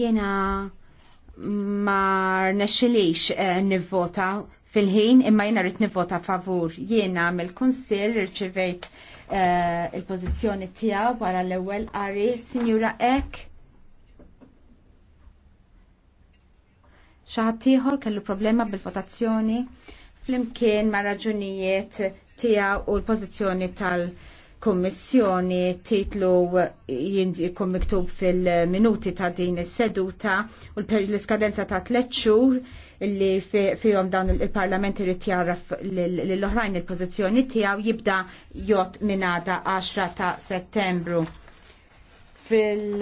Jena ma nexxilix eh, nivvota fil-ħin imma jena rrit nivvota favur. Jena mill-Kunsill rċivejt eh, il-pożizzjoni tiegħu wara l-ewwel qari Sinjura Ek. Xaħat kellu problema bil-votazzjoni flimkien ma' raġunijiet tiegħu u l-pożizzjoni tal- kummissjoni titlu jkun miktub fil-minuti ta' din is-seduta u l-iskadenza ta' tliet xhur li fihom dawn il-Parlament irid jaraf lill-oħrajn il-pożizzjoni tiegħu jibda jot minada 10 ta' Settembru. Fil